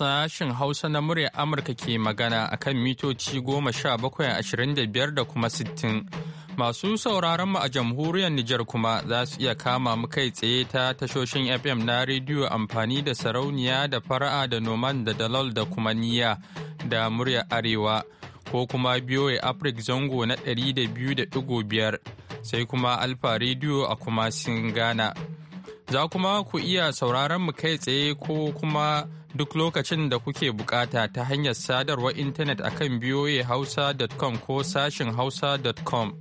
sashen Hausa na murya Amurka ke magana a kan mitoci goma sha bakwai ashirin da biyar da kuma sittin. Masu sauraron mu a jamhuriyar Nijar kuma za su iya kama mu kai tsaye ta tashoshin FM na rediyo amfani da sarauniya da fara'a da noman da dalal da kuma niya da murya arewa ko kuma biyoyi Afrik zango na ɗari da biyu da ɗigo biyar sai kuma Alfa rediyo a kuma ghana Za kuma ku iya sauraron mu kai tsaye ko kuma duk lokacin da kuke bukata ta hanyar sadarwar intanet a akan hausa.com ko sashin hausa.com.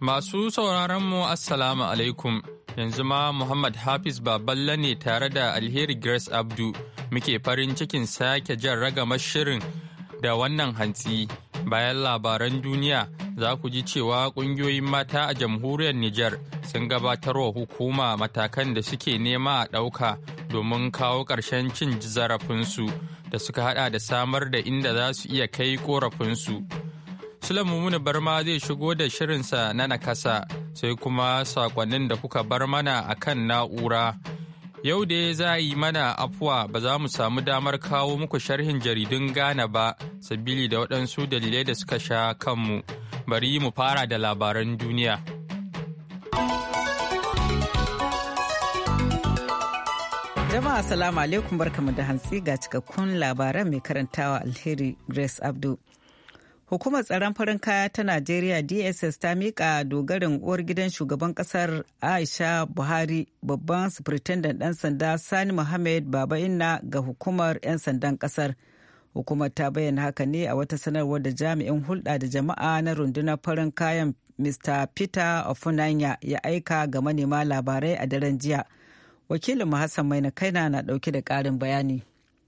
Masu sauraronmu Assalamu alaikum, yanzu ma Muhammad Hafiz Baballa ne tare da Alheri Grace Abdu muke farin cikin sake jan ragamar shirin da wannan hantsi bayan labaran duniya. za ku ji cewa ƙungiyoyin mata a jamhuriyar Nijar sun gabatar wa hukuma matakan da suke nema a ɗauka domin kawo ƙarshen cin zarafinsu da suka haɗa da samar da inda za su iya kai ƙorafinsu. bar Barma zai shigo da shirinsa na nakasa sai kuma sakonnin da kuka bar mana a kan na'ura. Yau da za a yi mana afuwa ba za mu samu damar kawo muku sharhin jaridun Ghana ba, sabili da waɗansu dalilai da suka sha kanmu. Bari mu fara da labaran duniya. Jama'a salamu alaikum barkamu da hantsi ga cikakkun labaran mai karantawa alheri Grace Abdu. Hukumar tsaron farin kaya ta Najeriya DSS ta mika dogarin uwar gidan shugaban ƙasar Aisha Buhari babban superintendent ɗan sanda Sani Muhammad Baba Inna ga hukumar 'yan sandan ƙasar. Hukumar ta bayyana haka ne a wata sanarwar da jami'in hulɗa da jama'a na rundunar farin kayan Mr. Peter Ofunanya ya aika ga manema labarai a daren jiya. Wakilin Hassan Maina Kaina na ɗauke da ƙarin bayani.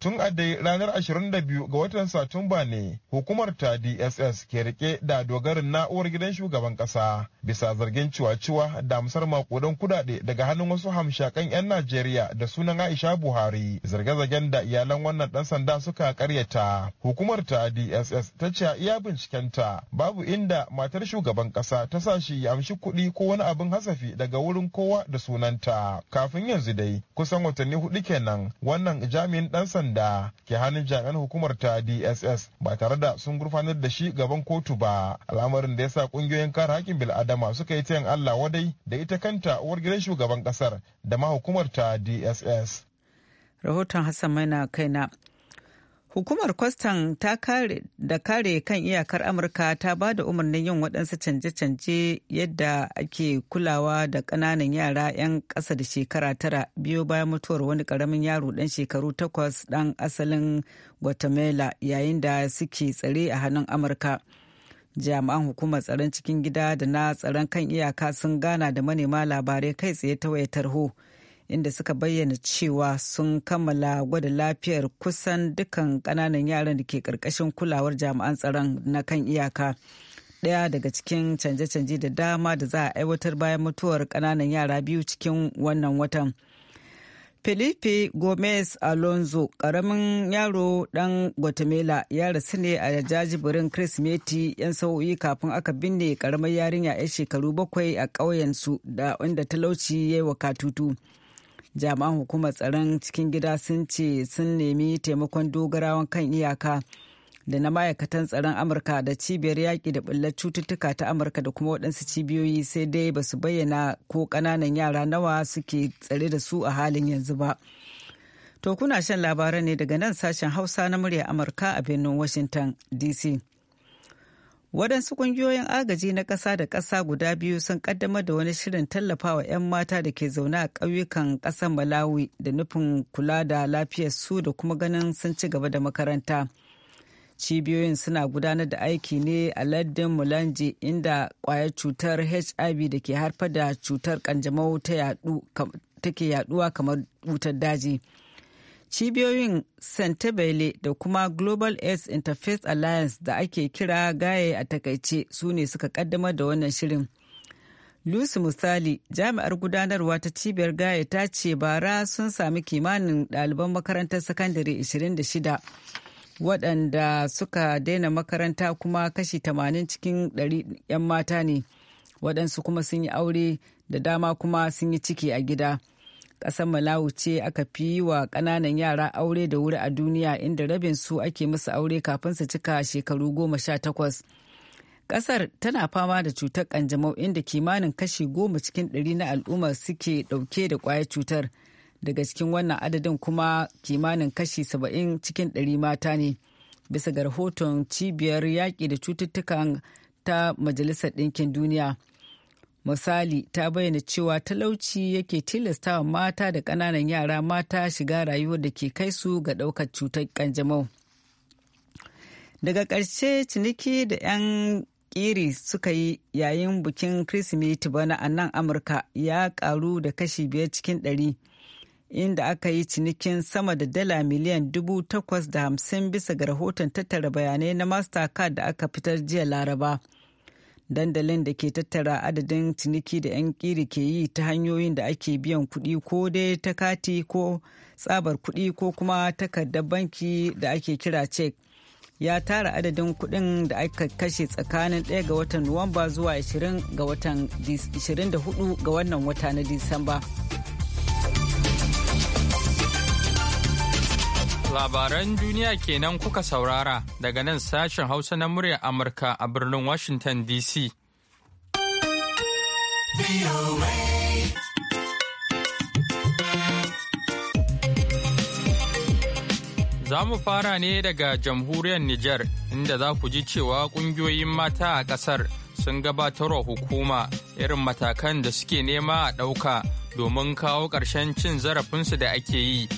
tun a dai ranar 22 ga watan Satumba ne hukumar ta DSS ke rike da dogarin na'urar gidan shugaban kasa bisa zargin ciwa-ciwa da musar makudan kudade daga hannun wasu hamshakan 'yan Najeriya da sunan Aisha Buhari zarge-zargen da iyalan wannan dan sanda suka karyata. Hukumar ta DSS ta ce iya bincikenta babu inda matar shugaban kasa ta sa shi ya amshi kuɗi ko wani abin hasafi daga wurin kowa da sunanta. Kafin yanzu dai kusan watanni hudu kenan wannan jami'in dan sanda da ke hannun jami'an hukumar ta dss ba tare da sun gurfanar da shi gaban kotu ba al'amarin da ya sa ƙungiyoyin kare haƙƙin bil'adama suka yi tayan allah wadai da ita kanta uwar gidan shugaban ƙasar da ma hukumar ta dss rahoton hassan maina kaina Hukumar Kwastan ta kare da kare kan iyakar Amurka ta ba da umarnin yin waɗansu canje-canje yadda ake kulawa da ƙananan yara 'yan ƙasa da shekara tara biyo bayan mutuwar wani ƙaramin yaro ɗan shekaru takwas ɗan asalin Guatemala yayin da suke tsare a hannun Amurka. Jami'an hukumar tsaron cikin gida da na tsaron kan iyaka sun gana da manema labarai kai tsaye ta wayar tarho. inda suka bayyana cewa sun kammala gwada lafiyar kusan dukkan kananan yaran da ke karkashin kulawar jami'an tsaron na kan iyaka daya daga cikin canje-canje da dama da za a aiwatar bayan mutuwar kananan yara biyu cikin wannan watan. Felipe Gomez Alonso, ƙaramin yaro ɗan Guatemala, ya rasu ne a jajibirin Kirsimeti 'yan sa'o'i kafin aka binne ƙaramar yarinya 'yan shekaru bakwai a ƙauyensu da inda talauci ya yi wa katutu. jami'an hukumar tsaron cikin gida sun ce sun nemi taimakon dogarawan kan iyaka da na ma'aikatan tsaron amurka da cibiyar yaƙi da ɓullar cututtuka ta amurka da kuma waɗansu cibiyoyi sai dai ba su bayyana ko ƙananan yara nawa suke tsare da su a halin yanzu ba to kuna shan labaran ne daga nan sashen hausa na murya amurka a birnin washington dc waɗansu ƙungiyoyin agaji na ƙasa da ƙasa guda biyu sun ƙaddamar da wani shirin tallafawa 'yan mata da ke zaune a ƙauyukan ƙasar malawi da nufin kula da lafiyar su da kuma ganin sun ci gaba da makaranta cibiyoyin suna gudanar da aiki ne a lardin mulanje inda ƙwayar cutar hiv da ke harfar da cutar kanjamau take yaduwa kamar wutar daji. cibiyoyin santebele da kuma global aids interface alliance da ake kira gaye a takaice su ne suka kaddamar da wannan shirin lucy misali jami'ar gudanarwa ta cibiyar gaye ta ce bara sun sami kimanin ɗaliban makarantar sakandare 26 waɗanda suka daina makaranta kuma kashi 80 cikin 'yan mata ne waɗansu kuma sun yi aure da dama kuma sun yi ciki a gida. ƙasar malawi ce aka fi wa ƙananan yara aure da wuri a duniya inda rabin su ake musu aure kafin su cika shekaru goma sha takwas ƙasar tana fama da cutar ƙanjamau inda kimanin kashi goma cikin ɗari na al'umma suke ɗauke da ƙwayar cutar daga cikin wannan adadin kuma kimanin kashi saba'in cikin ɗari mata ne bisa ga rahoton cibiyar yaƙi da cututtukan ta majalisar ɗinkin duniya misali ta bayyana cewa talauci yake tilastawa mata da ƙananan yara mata shiga rayuwar da ke kai su ga ɗaukar cutar kanjamau daga ƙarshe ciniki da 'yan kiri suka yi yayin bikin kirsimeti bana a nan amurka ya karu da kashi biyar cikin ɗari inda aka yi cinikin sama da dala miliyan dubu takwas da hamsin bisa ga rahoton tattara bayanai na mastercard da aka fitar jiya laraba dandalin da ke tattara adadin ciniki da 'yan kiri ke yi ta hanyoyin da ake biyan kuɗi ko dai ta kati ko tsabar kuɗi ko kuma takardar banki da ake kira cek ya tara adadin kuɗin da aka kashe tsakanin 1 ga watan nuwamba zuwa 24 ga wannan wata na disamba. Labaran duniya kenan kuka saurara daga nan sashen Hausa na muryar Amurka a birnin Washington DC. Za mu fara ne daga jamhuriyar Nijar inda za ku ji cewa ƙungiyoyin mata a ƙasar sun gabatarwa hukuma irin matakan da suke nema a ɗauka domin kawo ƙarshen cin zarafinsu da ake yi.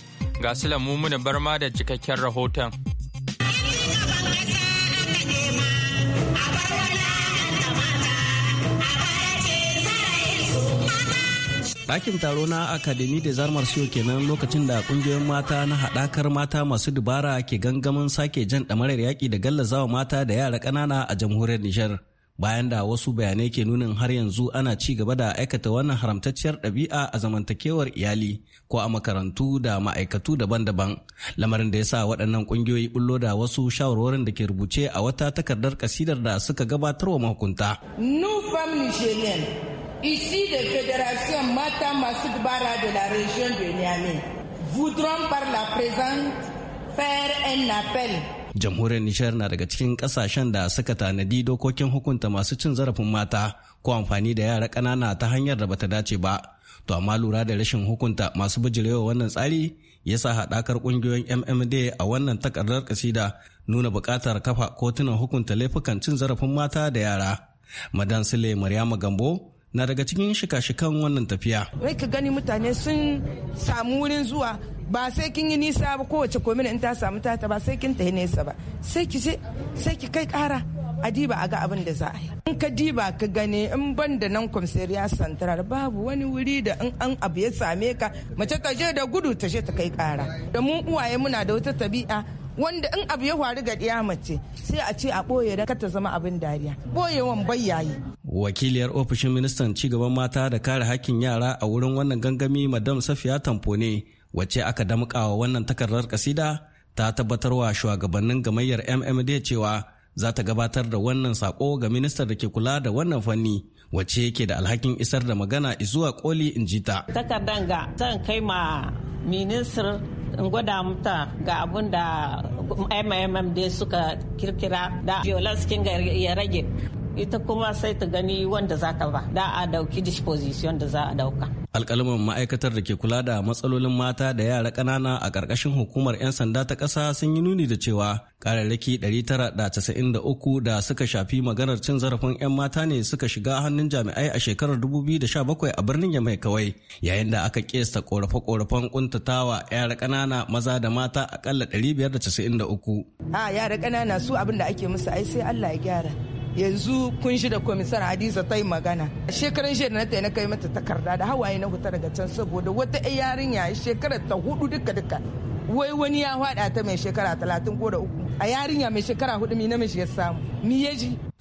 Ga su muna barma da cikakken rahoton. Ɗakin taro na Akademi da Zarmar Siyo kenan lokacin da ƙungiyoyin mata na haɗakar mata masu dubara ke gangamin sake jan ɗamarar yaƙi da gallazawa mata da yara ƙanana a jamhuriyar Nijar. bayan da wasu bayanai ke nunin har yanzu ana ci gaba da aikata wannan haramtacciyar ɗabi'a a zamantakewar iyali ko a makarantu da ma'aikatu daban-daban lamarin da ya sa waɗannan ƙungiyoyi bullo da wasu shawarwarin da ke rubuce a wata takardar kasidar da suka gabatar wa mahukunta. Nous femmes ici de Fédération Mata masu Bara de la région de Niamey, voudrons par la présente faire un appel jamhuriyar nishar na daga cikin kasashen da suka tanadi dokokin hukunta masu cin zarafin mata ko amfani da yara ƙanana ta hanyar da bata dace ba to amma lura da rashin hukunta masu bijirewa wannan tsari ya sa haɗakar ƙungiyoyin mmd a wannan takardar kasida nuna buƙatar kafa kotunan hukunta laifukan cin zarafin mata da yara madan sule maryama gambo na daga cikin shika-shikan wannan tafiya. Wai ka gani mutane sun samu wurin zuwa ba sai kin yi nisa ba kowace komina in ta samu tata ba sai kin tafi nesa ba sai ki sai ki kai kara a diba a ga abin da za a yi. In ka diba ka gani in ban da nan kwamsariya santarar babu wani wuri da in an abu ya same ka mace ka je da gudu ta je ta kai kara. Da mu uwaye muna da wata tabi'a wanda in abu ya faru ga ɗiya mace sai a ce a ɓoye da ta zama abin dariya wan bayyayi wakiliyar ofishin ministan cigaban mata da kare hakkin yara a wurin wannan gangami madam safiya tamfone wacce aka damƙa wa wannan takardar kasida ta tabbatarwa shugabannin gamayyar mmd cewa za ta gabatar da wannan sako ga ministar da ke kula da wannan fanni wacce yake da alhakin isar da magana izuwa koli in ji ta takardar ga kai ma in gwada mata ga abun da mmmd suka kirkira da violence kinga ya rage ita kuma sai ta gani wanda za ta ba da a dauki disposition da za a dauka alkalamin ma'aikatar da ke kula da matsalolin mata da yara ƙanana a ƙarƙashin hukumar 'yan sanda ta ƙasa sun yi nuni da cewa ƙararraki 993 da suka shafi maganar cin zarafin 'yan mata ne suka shiga hannun jami'ai a shekarar 2017 a birnin ya mai kawai yayin da aka kesta korafe-korafen kuntatawa yara ƙanana maza da mata akalla 593. a yara ƙanana su abin da ake musu ai sai allah ya gyara yanzu kun shi da komisar hadiza ta yi magana shekaran jiya na ta na kai mata takarda da hawaye na huta daga can saboda wata yarinya shekarar ta hudu duka duka wai wani ya hada ta mai shekara talatin ko da uku a yarinya mai shekara hudu mi na ya samu mi ya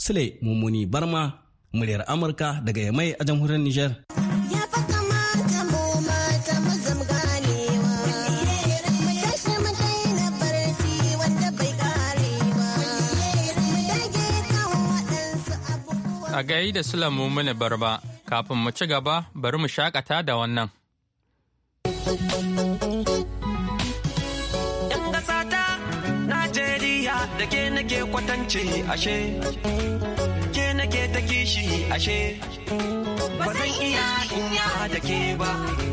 sule mummuni barma muryar amurka daga yamai a jamhuriyar nijar. A gai da Sulamu mini barba, kafin mu ci gaba bari mu shakata da wannan. ‘Yan ƙasa ta Najeriya da ke nake kwatance ashe, ke nake ta kishi ashe, ba zan iya inya da ke ba.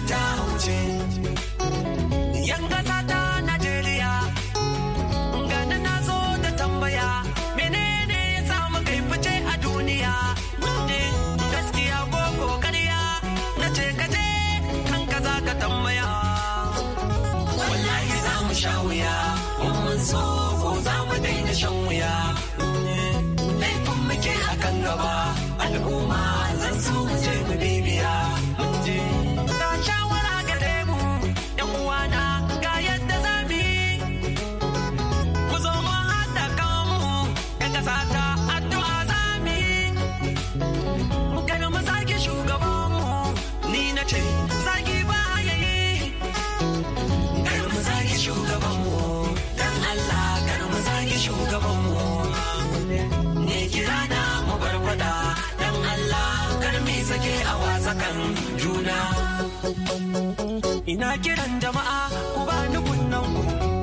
道歉。ina kiran jama'a ku ba ni kunnan ku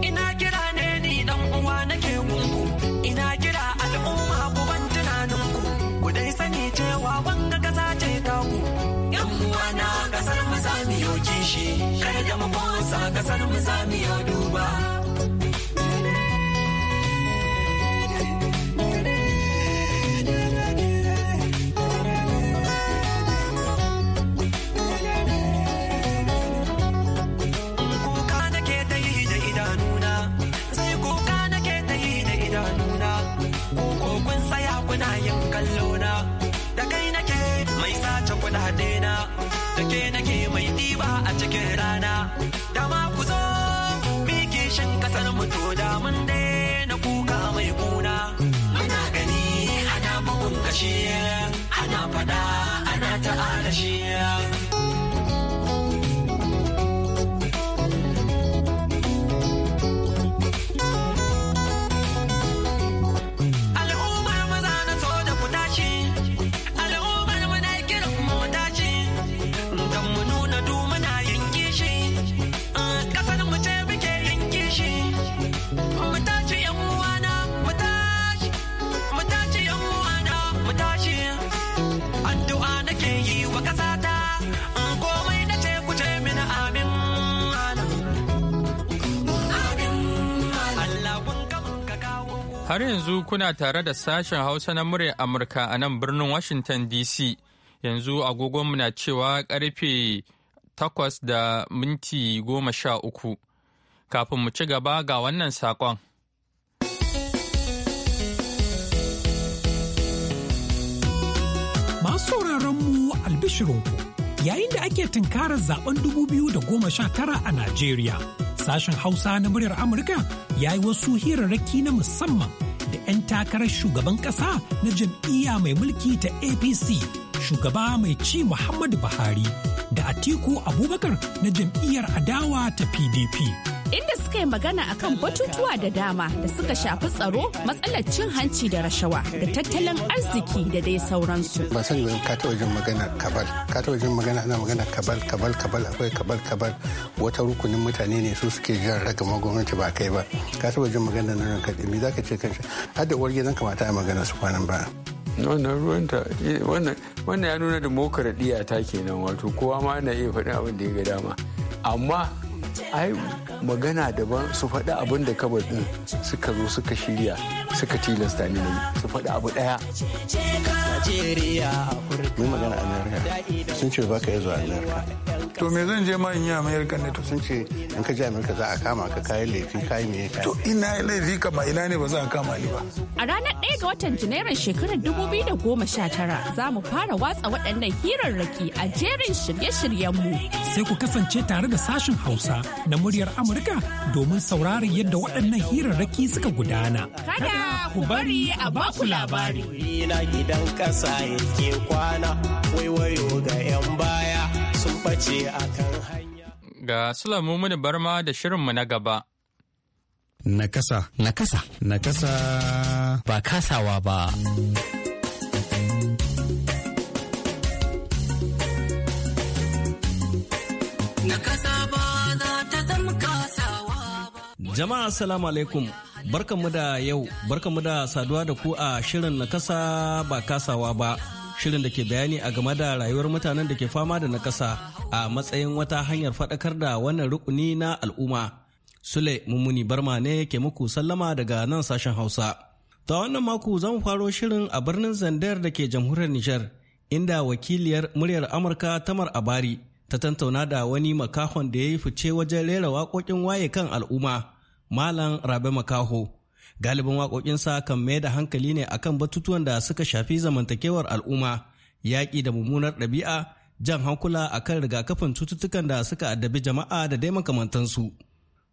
ina kira ne ni dan uwa nake gungu ina kira al'umma ku ban tunanin ku ku dai sani cewa wanga kasa ce ta ku yan uwa na kasar mu za mu yoki shi da mu kasar mu za mu yadu Har yanzu kuna tare da sashen Hausa na muryar Amurka a nan birnin Washington DC. Yanzu agogonmu na cewa karfe takwas da minti goma Kafin mu ci gaba ga wannan saƙon. Masu mu albishirinku yayin da ake tunkarar zaben 2019 a Najeriya. sashen Hausa na muryar Amurka ya yi wasu hirarraki na musamman da 'yan takarar shugaban ƙasa na jam'iyya mai mulki ta apc shugaba mai ci muhammadu buhari da atiku abubakar na jam'iyyar adawa ta pdp inda suka yi magana akan batutuwa da dama da suka shafi tsaro matsalar cin hanci da rashawa da tattalin arziki da dai sauransu. Ba san yi ka taɓa jin magana kabal, ka taɓa jin magana ana magana kabal kabal kabal akwai kabal kabal wata rukunin mutane ne su suke jan ragama gwamnati ba kai ba. Ka taɓa jin magana na ranka ɗimi za ka ce kanshi har da uwar gidan kamata a magana su kwanan ba. wannan ruwanta eh, wannan ya nuna da mokaraɗiya ta kenan wato kowa ma na iya faɗin abin da ya ga dama amma ai magana daban su faɗi abin da kabar ɗin suka zo suka shirya suka tilasta ni na su faɗi abu ɗaya. Mun magana Amerika sun ce ba ka iya zuwa Amerika. To me zan je ma in yi Amerika ne to sun ce in ka je Amerika za a kama ka kayi laifi kayi me To ina laifi kama ina ne ba za a kama ni ba. A ranar ɗaya ga watan Janairun shekarar dubu biyu da goma sha tara za mu fara watsa waɗannan hirarraki a jerin shirye-shiryenmu. Sai ku kasance tare da sashen Hausa na muryar Amurka domin sauraron yadda waɗannan hirarraki suka gudana. Kada ku bari a baku labari. Na gidan ƙasa yake kwana, waiwayo ga 'yan baya sun ɓace a kan hanya. Ga Sulamu Mini Barma da shirinmu na gaba. Nakasa. Nakasa. Nakasa. Ba kasawa ba. Jama'a salamu alaikum barkanmu da yau barkanmu da saduwa da ku a shirin na kasa ba kasawa ba shirin da ke bayani a game da rayuwar mutanen da ke fama da nakasa a matsayin wata hanyar faɗakar da wannan rukuni na al'umma. Sule Mummuni Barma ne ke muku sallama daga nan sashen Hausa. Ta wannan mako zan faro shirin a birnin Zandar da ke jamhuriyar Nijar inda wakiliyar muryar Amurka Tamar Abari ta tantauna da wani makahon da ya yi fice wajen rera waƙoƙin waye kan al'umma. Malam Rabe Makaho. Galibin waƙoƙinsa kan mai da hankali ne akan batutuwan da suka shafi zamantakewar al'umma, yaƙi da mummunar ɗabi'a, jan hankula akan rigakafin cututtukan da suka addabi jama'a da dai makamantansu.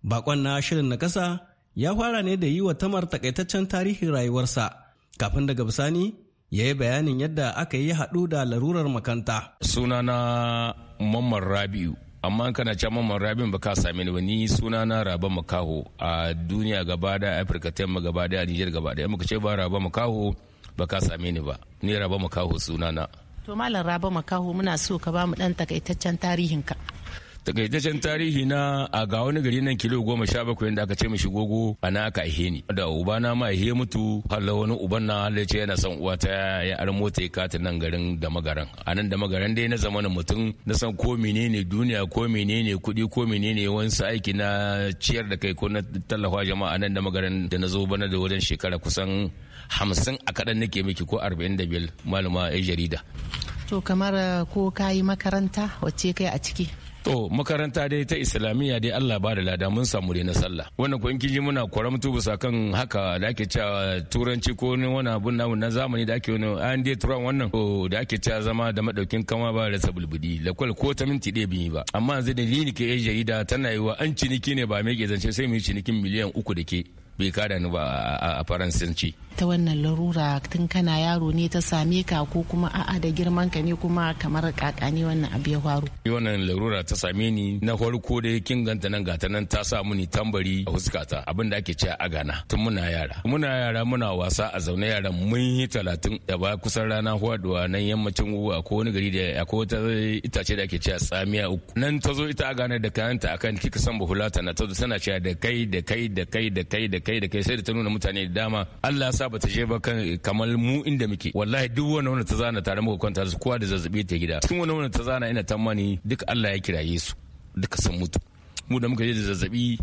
Bakon na shirin na ƙasa ya fara ne da yi wa tamar takaitaccen tarihin rayuwarsa, kafin daga bisani ya yi bayanin yadda aka yi haɗu da larurar makanta. Sunana Mamman Rabi'u amma kana can mamman rabin ba ka same ni ba ni suna na raba makaho a duniya gaba da afirka ta yamma gaba da nijar gaba da muka ce ba raba makaho ba ka same ni ba ni raba makaho suna na to malam raba makaho muna so ka ba mu dan takaitaccen tarihin ka takaitaccen tarihi na a ga wani gari nan kilo goma sha bakwai da aka ce mishi gogo a na aka ihe ni da uba na ma ihe mutu halla wani uban na halla ce yana son uwa ta ya ar mota ya kata nan garin da magaran a nan da magaran dai na zamanin mutum na san ko menene duniya ko menene kuɗi ko menene wani aiki na ciyar da kai ko na tallafa jama'a A nan da magaran da na zo bana da wajen shekara kusan hamsin a kaɗan nake miki ko arba'in da biyar malama ya jarida. To kamar ko kayi makaranta wacce kai a ciki? to makaranta dai ta islamiyya dai Allah ba da lada mun samu dai na sallah wannan ko in kin ji muna bisa kan haka da ake cewa turanci ko wani abun namu na zamani da ake wani an dai turan wannan to da ake cewa zama da madaukin kama ba da sabulbudi lakwal ko ta minti ɗaya bin yi ba amma yanzu ni ke yan jarida tana yi wa an ciniki ne ba mai zance sai mu yi cinikin miliyan uku da ke bai kada ni ba a faransanci ta wannan larura tun kana yaro ne ta same ka ko kuma a'a da girman ka ne kuma kamar kaka ne wannan abu ya faru wannan larura ta same ni na farko da kin ganta nan gata nan ta sa muni tambari a huskata abin da ake cewa agana tun muna yara muna yara muna wasa a zaune yara mun yi talatin da ba kusan rana huwaduwa nan yammacin uwa ko wani gari da ya ko wata itace da ake cewa tsamiya uku nan ta zo ita agana da kayanta akan kika san bahulata na ta zo tana cewa da kai da kai da kai da kai da kai da kai sai da ta nuna mutane da dama Allah ya sa ta bata je ba kamar mu inda muke wallahi duk wani wanda ta zana tare muka kwanta su kowa da zazzabi ta gida cikin wani wanda ta zana ina tamani duk Allah ya kiraye su duka san mutu mu da muka je da zazzabi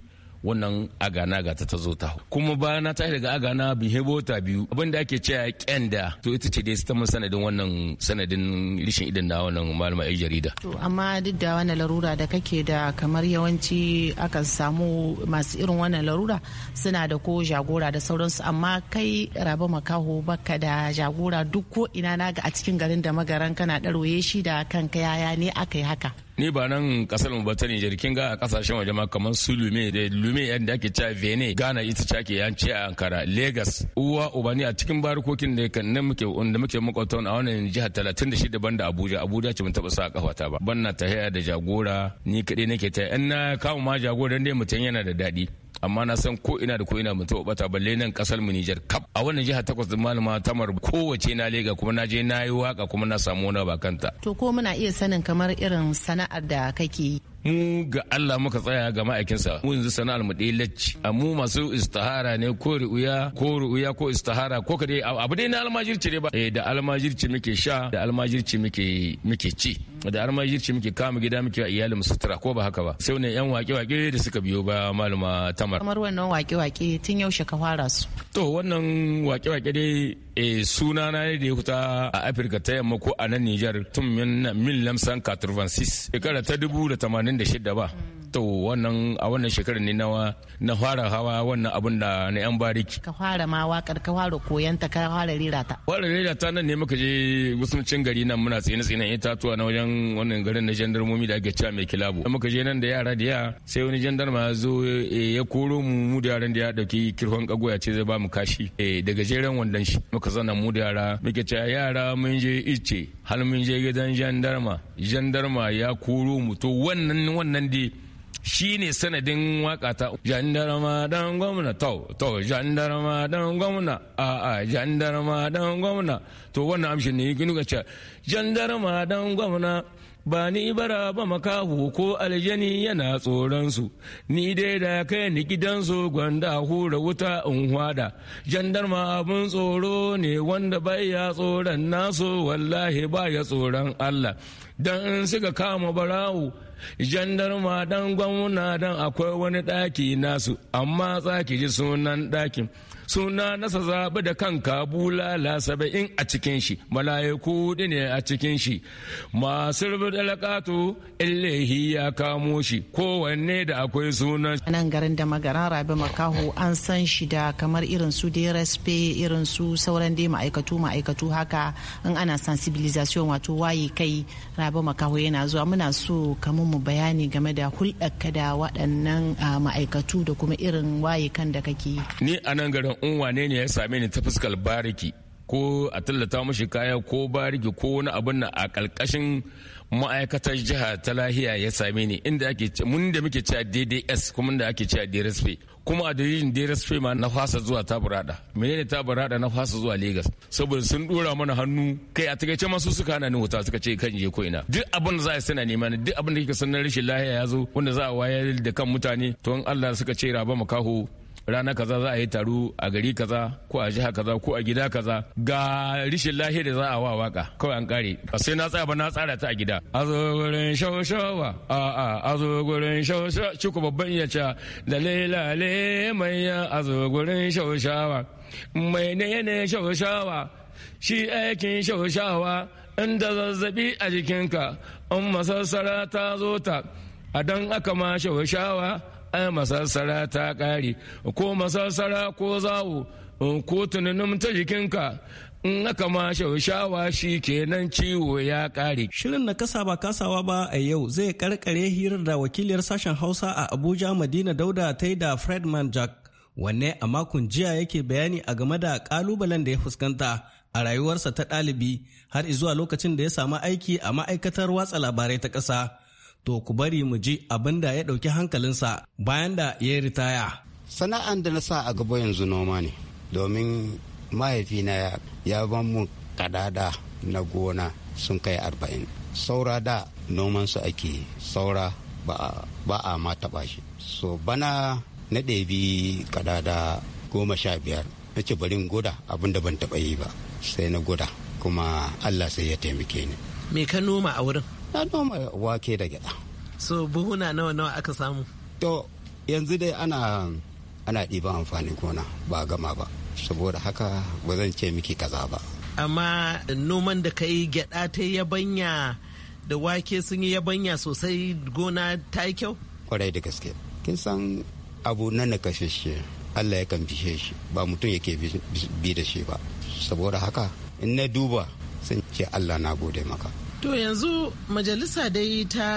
wannan agana ga ta zo ta kuma ba na tashi daga agana bi hebo ta biyu abin da ake cewa kenda to ita ce dai ta sanadin wannan sanadin rishin idan na wannan malama yan jarida to amma duk da wannan larura da kake da kamar yawanci akan samu masu irin wannan larura suna da ko jagora da sauransu amma kai rabu makaho baka da jagora duk ko ina na ga a cikin garin da magaran kana ɗaroye shi da kanka yaya ne aka yi haka ni ba nan kasar mu ba ta Nijar kin ga a kasashen waje ma kamar su Lume da Lume yadda ake cewa Vene. Ghana ita ce ake yance a Ankara Lagos uwa uba ne a cikin barkokin da kan nan muke wanda muke makwato a wannan jiha 36 da Abuja Abuja ce mun taba sa kafata ba banna ta da jagora ni kade nake ta ina kawo ma jagora dai mutum yana da daɗi amma na san ko ina da ko ina mun taɓa bata balle nan kasar mu Niger kap a wannan jiha takwas din malama tamar kowace na lega kuma na je na yi waka kuma na samu wani bakanta to ko muna iya sanin kamar irin sana'ar da kake yi mu ga Allah muka tsaya ga ma'aikinsa mu yanzu sana'ar mu ɗaya lacci mu masu istihara ne ko ru'uya ko ru'uya ko istihara ko ka dai abu dai na almajirci ne ba eh, da almajirci muke sha da almajirci muke muke ci da almajirci muke kama gida muke wa iyalin mu sutura ko ba haka ba sai ne yan wake-wake da suka biyo ba malama tamar kamar wannan wake-wake tun yaushe ka fara su to wannan wake-wake dai e suna na ne da ya kuta a afirka ta yamma ko a nan nijar tun min lamsan 86 shekara ta dubu da da 1986 ba to wannan a wannan shekarar ne na fara hawa wannan abun da na yan bariki ka fara ma wakar ka fara koyan ta ka fara rera ta fara rera ta nan ne muka je gusuncin gari nan muna tsine tsine tuwa, na wajen wannan garin na jandarmomi da ake cewa mai kilabu muka je nan da yara da yara sai wani jandarma ya zo eh, ya koro mu mu da yaran da ya dauki kirhon kago ya ce zai ba mu kashi eh, daga jeren wandan shi muka zana mu da yara muke cewa yara mun je ice hal mun je gidan jandarma jandarma ya koro mu to wannan wannan dai shi ne sanadin waka ta jandarma dan gwamna to to jandarma dan gwamna a a jandarma dan gwamna to wannan amshin ne gini ga jandarma dan gwamna ba ni bara ba makahu ko aljani yana tsoransu ni dai da kai ni su gwanda hura wuta in hwada jandarma abun tsoro ne wanda bai ya tsoron nasu wallahi ba ya tsoron allah Dan in suka kama barawo jandarma dan gwamna dan akwai wani ɗaki nasu amma tsaki ji sunan dakin suna nasa zaɓi da kanka la saba'in a cikin shi mala'iku ne a cikin shi masu rubuta lakatu illahi ya kamo shi kowanne da akwai sunan nan garin da magaran rabi makaho an san shi da kamar irin su respe irin su sauran dai ma'aikatu ma'aikatu haka in ana sensibilization wato waye kai rabi makaho yana zuwa muna so kamun mu bayani game da hulɗarka da waɗannan ma'aikatu da kuma irin wayekan da kake yi. Ni a nan garin in ne ya same ni ta fuskar bariki ko a tallata mashi kaya ko bariki ko wani abin na a ƙarƙashin ma'aikatar jiha ta lahiya ya same ni inda ake mun da muke cewa dds kuma da ake cewa drsp kuma a dalilin drsp ma na fasa zuwa taburada menene taburada na fasa zuwa lagos saboda sun dora mana hannu kai a takaice masu suka hana ni wuta suka ce kan je ko ina duk abin da za a suna nema duk abin da kika san na rashin lahiya ya zo wanda za a wayar da kan mutane to in allah suka ce raba makaho rana kaza za a yi taro a gari kaza ko a jiha kaza ko a gida kaza ga rishin lahira za a wa waka kawai an kare sai na tsaya ba na tsara ta a gida a zo gurin shawashawa a a a zo gurin shawashawa ciko babban iya ce lale le mai a zo gurin shawashawa mai ne ne shawashawa shi aikin shawashawa inda zazzabi a jikinka in masassara ta zo ta a don aka ma shawashawa ai masassara ta ƙare ko masassara ko zawo ko tunanin ta jikinka in aka ma shaushawa shi kenan ciwo ya ƙare. Shirin na kasa ba kasawa ba a yau zai karkare hirar da wakiliyar sashen Hausa a Abuja Madina Dauda ta yi da Fredman Jack wanne a makon jiya yake bayani a game da ƙalubalen da ya fuskanta a rayuwarsa ta ɗalibi har zuwa lokacin da ya samu aiki a ma'aikatar watsa labarai ta ƙasa to ku bari mu ji abin da ya ɗauki hankalinsa bayan da ya yi ritaya. Sana'an da na sa a gaba yanzu noma ne, domin mahaifina ya ban mu kadada na gona sun kai arba'in. Saura da su ake saura ba a ma taɓa shi. So bana na ɗabi kadada goma sha biyar. Na ce bari goda abin da ban taɓa yi ba. Sai na goda kuma Allah sai ya taimake ni. Me ka noma a wurin? na noma wake da gyada so buhuna nawa nawa aka samu to yanzu dai ana ana ɗiba amfanin gona ba gama ba saboda haka ba zan ce miki kaza ba amma noman da kai yi gyada ta yabanya da wake sun yi yabanya sosai gona ta yi kyau kwarai da gaske kin san abu na nakashashe allah ya kan bishe shi ba mutum yake bi da shi ba saboda haka in na duba sun ce allah na gode maka To yanzu majalisa dai ta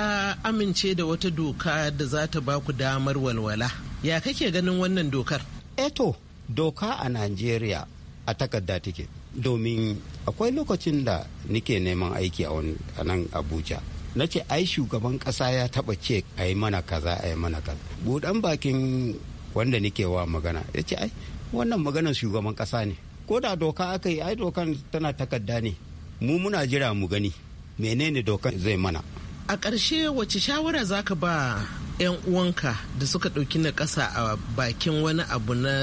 amince da wata doka da za ta ba ku damar walwala. Ya kake ganin wannan dokar? Eto, eh doka a Najeriya a takarda take. Domin akwai lokacin da nike neman aiki a nan Abuja. Na ce ai shugaban ƙasa ya taɓa ce a yi mana kaza a yi mana kaza. Budan bakin wanda nike wa magana ya ce ai wannan maganar shugaban ƙasa ne. Ko da doka aka yi ai dokan tana takarda ne. Mu muna jira mu gani. menene dokar zai mana a ƙarshe wace shawara zaka ba 'yan uwanka da suka ɗauki na ƙasa a bakin wani abu na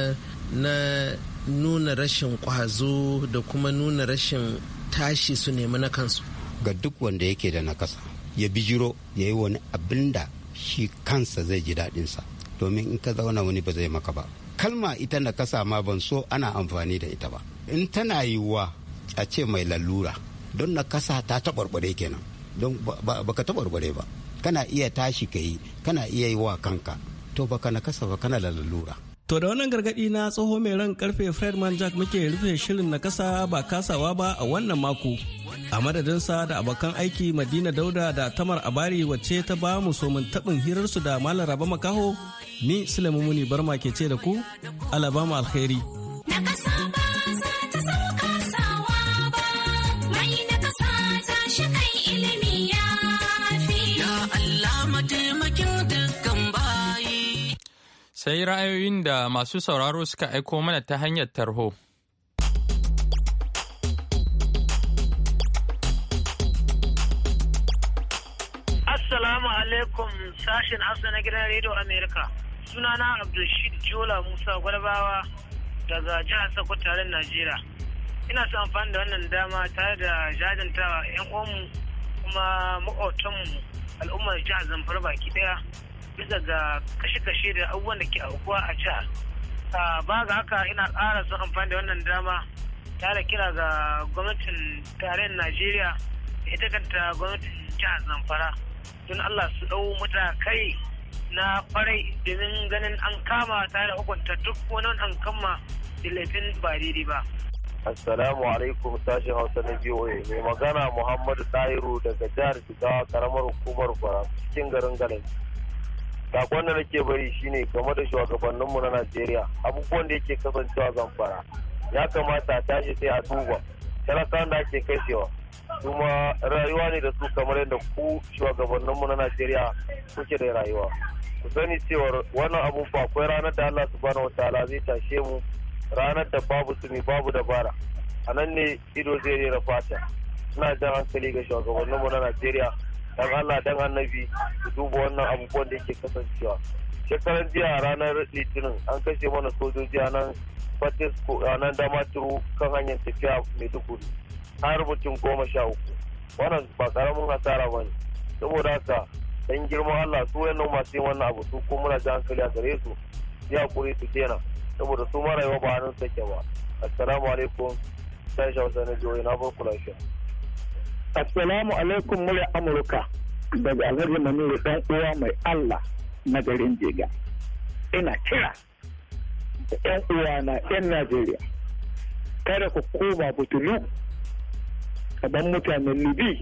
nuna rashin ƙwazo da kuma nuna rashin tashi su nemi na kansu ga duk wanda yake da na ƙasa ya bijiro ya yi wani abin da shi kansa zai ji daɗinsa domin in ka zauna wani ba zai maka ba kalma ita na ƙasa ma ban so ana amfani da ita ba in tana yiwuwa a ce mai lalura don na kasa ta taɓarɓare kenan don baka taɓarɓare ba kana iya tashi ka yi kana iya yi wa kanka to baka na kasa ba kana da lalura To da wannan gargaɗi na tsoho mai ran karfe Fredman Jack muke rufe shirin na kasa ba kasawa ba a wannan mako. A madadinsa da abokan aiki Madina Dauda da Tamar Abari wacce ta ba mu somin taɓin hirarsu da malar Raba Makaho, ni Sulaimu Muni Barma ke ce da ku, Alabama Alheri. Na kasa sai ra'ayoyin da masu sauraro suka aiko mana ta hanyar tarho. Assalamu alaikum sashen Hausa na gidan Radio Amerika. Sunana Abdulshid Jola Musa Gwalbawa daga jihar Sokoto tare Najeriya. Ina son amfani da wannan dama tare da jajantawa 'yan uwanmu kuma maƙotanmu al'ummar jihar Zamfara baki ɗaya. bisa ga kashe-kashe da abubuwan da ke aukuwa a jihar ba ga haka ina kara son amfani da wannan dama tare kira ga gwamnatin tarayyar najeriya da ita kanta gwamnatin jihar zamfara don allah su ɗau matakai na farai domin ganin an kama tare da hukunta duk wani wani kama da laifin ba daidai ba Assalamu alaikum sashen Hausa na VOA mai magana Muhammadu Tahiru daga jihar Jigawa karamar hukumar Bara cikin garin Galanci. sakon da nake bari shine game da shugabanninmu na najeriya abubuwan da yake kasancewa zamfara ya kamata a tashi sai a duba talakawan da ake kashewa kuma rayuwa ne da su kamar yadda ku shugabanninmu na najeriya kuke da rayuwa ku sani cewar wannan abubuwa akwai ranar da allah subhanahu wataala zai tashe mu ranar da babu sumi babu dabara a nan ne ido zai rera fata suna jan hankali ga shugabanninmu na najeriya dan Allah dan annabi su duba wannan abubuwan da yake kasancewa shekaran jiya ranar litinin an kashe mana sojoji a nan ranar a nan kan hanyar tafiya mai maiduguri har mutum goma sha uku wannan ba karamin hasara ba ne saboda haka dan girman Allah su wayannan masu yin wannan abu su ko muna ji hankali a gare su ya kure su kenan saboda su mara yawa ba hannun sake ba assalamu alaikum sai shawsa na joyi na farko shi Assalamu alaikum murya Amurka daga Alhaji Maniru dan uwa mai Allah na garin Jega. Ina kira da 'yan uwa na 'yan Najeriya. Kada ku koma butulu kaban mutanen Libi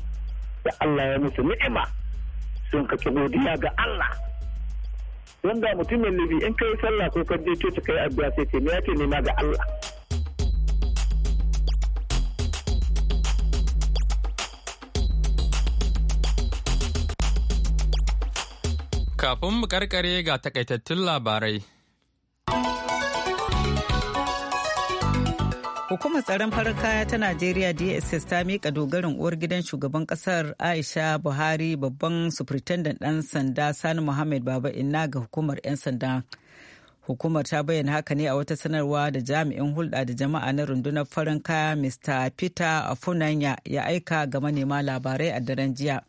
da Allah ya musu ni'ima sun ka godiya ga Allah. Wanda mutumin Libi in kai sallah ko ka je coci kai yi addu'a sai ce ya ce nema ga Allah. Kafin mu karkare ga takaitattun labarai. Hukumar tsaron farar kaya ta Najeriya DSS ta miƙa dogarin uwar gidan shugaban ƙasar Aisha Buhari babban sufritandan ɗan sanda Sani Muhammad Baba Inna ga hukumar 'yan sanda. Hukumar ta bayyana haka ne a wata sanarwa da jami'in hulɗa da jama'a na rundunar farin kaya Mr. Peter Afunanya ya aika ga manema labarai a daren jiya.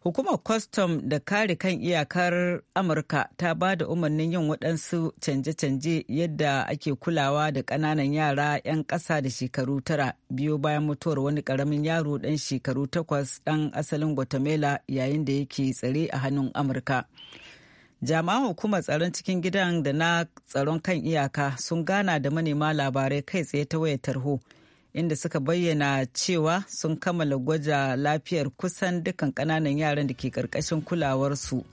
hukumar kwastam da kare kan iyakar amurka ta ba da umarnin yin waɗansu canje-canje yadda ake kulawa da ƙananan yara 'yan ƙasa da shekaru tara biyu bayan mutuwar wani ƙaramin yaro ɗan shekaru takwas ɗan asalin guatemala yayin da yake tsare a hannun amurka jami'an hukumar tsaron cikin gidan da na tsaron kan iyaka sun gana da manema labarai kai tsaye ta wayar tarho. inda suka bayyana cewa sun kammala gwaja lafiyar kusan dukkan kananan yaran da ke ƙarƙashin kulawarsu.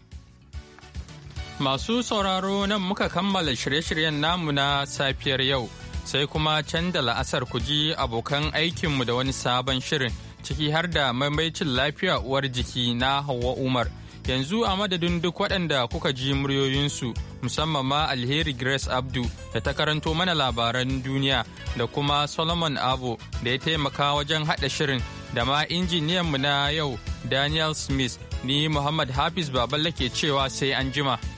Masu sauraro nan muka kammala shirye-shiryen namu na safiyar yau, sai kuma can da la'asar ku ji abokan aikinmu da wani sabon shirin, ciki har da maimaicin lafiya uwar jiki na Hauwa Umar. Yanzu a madadin duk waɗanda kuka ji muryoyinsu musamman ma alheri Grace Abdu da ta karanto mana labaran duniya da kuma Solomon abu da ya taimaka wajen haɗa shirin da ma injiniyanmu na yau Daniel Smith ni Muhammad Hafiz Baballa ke cewa sai an jima.